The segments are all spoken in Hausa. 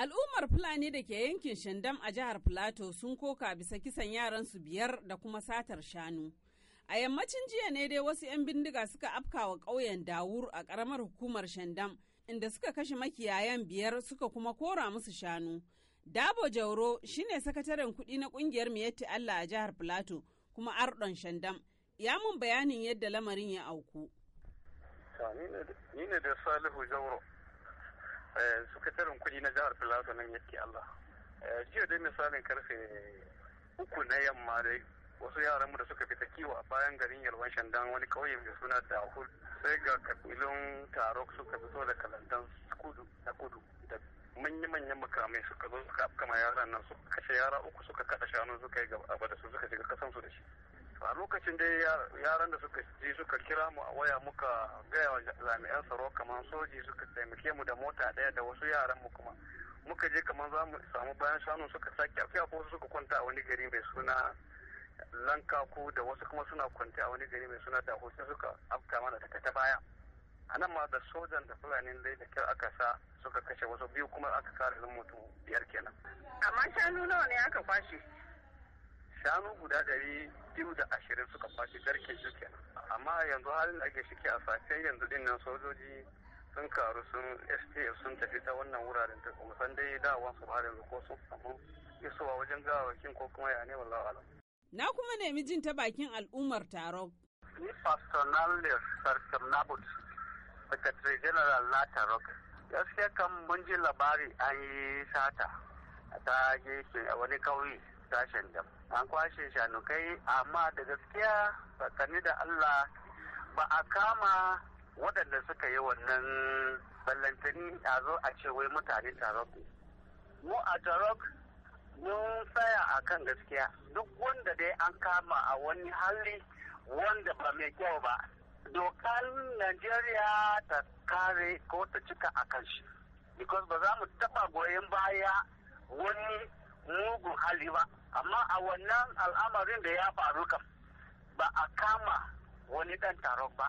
Al'ummar Fulani da ke yankin Shandam a jihar Filato sun koka bisa kisan yaransu biyar da kuma satar shanu. A yammacin jiya ne dai wasu 'yan bindiga suka afka wa ƙauyen Dawur a ƙaramar hukumar Shandam inda suka kashe makiyayan biyar suka kuma kora musu shanu. Dabo Jauro shine sakataren kuɗi na ƙungiyar Miyatti Allah a jihar Filato kuma Ardon Shandam ya mun bayanin yadda lamarin ya auku. Ni ne da Salihu Jauro. Eh, suka tarin kudi na jihar filato nan yake allah eh, jiya dai misalin karfe uku na yamma dai wasu yaranmu da suka fita kiwo a bayan garin yalwan shandan wani kauye mai suna dahul sai ga kabilun taro suka fito da kalandan kudu na kudu da manya-manyan makamai suka zo suka afkama yaran nan suka kashe yara uku suka kada shanu suka yi gaba da su suka shiga kasansu da shi a lokacin dai yaran da suka ji suka kira mu a waya muka gaya wa jami'an tsaro kamar soji suka taimake mu da mota daya da wasu yaran mu kuma muka je kamar za mu samu bayan shanu suka sake afiya ko suka kwanta a wani gari mai suna lankaku da wasu kuma suna kwanta a wani gari mai suna da sai suka afta mana ta ta baya a nan ma da sojan da fulani dai da kyau aka sa suka kashe wasu biyu kuma aka kare mutum biyar kenan amma shanu nawa ne aka kwashe shanu guda ɗari biyu da ashirin suka fashe garke suke amma yanzu halin da ake shike a sacen yanzu dinnan, sojoji sun karu sun stf sun tafi ta wannan wuraren ta kuma san dai dawon su bada ko sun samu isowa wajen gawakin ko kuma yane. alam. na kuma nemi jin ta bakin al'ummar taron. ni personal sarkin nabut secretary general na Taro. gaskiya kan mun ji labari an yi sata ta gefe a wani kauye sashen da an kwashe shanukai amma da gaskiya tsakani da allah ba a kama waɗanda suka yi wannan ballantani a zo a ce wai mutane tarok mu a tarok mun tsaya a kan gaskiya duk wanda dai an kama a wani hali wanda ba mai kyau ba dokar najeriya ta kare ko ta cika a kan shi because ba za mu taɓa goyon baya wani mugun hali ba amma a wannan al'amarin da ya faru kam ba a kama wani dan taron ba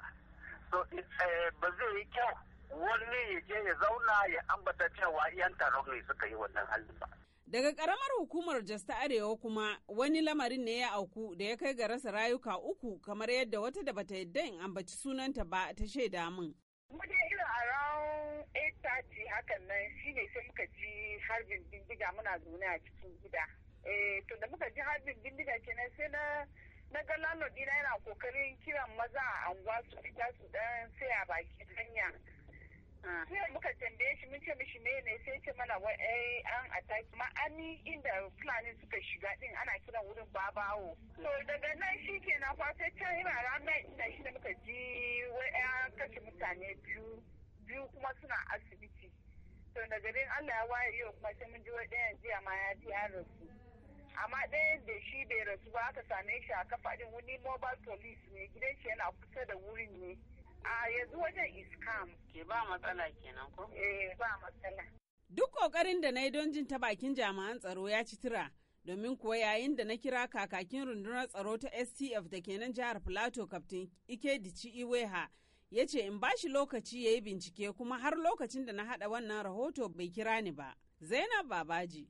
so eh, ba zai yi kyau wani ya je ya zauna ya ambata cewa yan taron ne suka yi wannan halin ba daga karamar hukumar jasta arewa kuma wani lamarin ne ya auku da ya kai ga rasa rayuka uku kamar yadda wata da bata yadda in ambaci sunanta ba ta shaida min muje irin around 8:30 hakan nan shine sai muka ji harbin bindiga muna zaune a cikin gida eh to da muka ji harbin bindiga kenan sai na na ga lalodi dina yana kokarin kiran maza a anguwa su fita su dan a baki hanya ah. sai muka tambaye shi mun ce mishi me ne sai ce mana wa eh an attack ma ani inda fulani suka shiga din ana kiran wurin babawo to daga nan shi ke na can ina ranar inda shi da muka ji wa an kashe mutane biyu biyu kuma suna asibiti to daga nan Allah ya waye yau kuma sai mun ji wa ɗayan jiya ma ya ji ya rasu amma ɗaya da shi bai rasu ba aka same shi a kafaɗin wani mobile police ne gidan shi yana kusa da wurin ne a yanzu wajen iskam ke ba matsala kenan ko eh ba matsala duk kokarin da na yi don jin ta bakin jami'an tsaro ya ci tira domin kuwa yayin da na kira kakakin rundunar tsaro ta stf da kenan jihar plateau ike ikedici iweha ya ce in bashi lokaci ya yi bincike kuma har lokacin da na haɗa wannan rahoto bai kira ni ba zainab babaji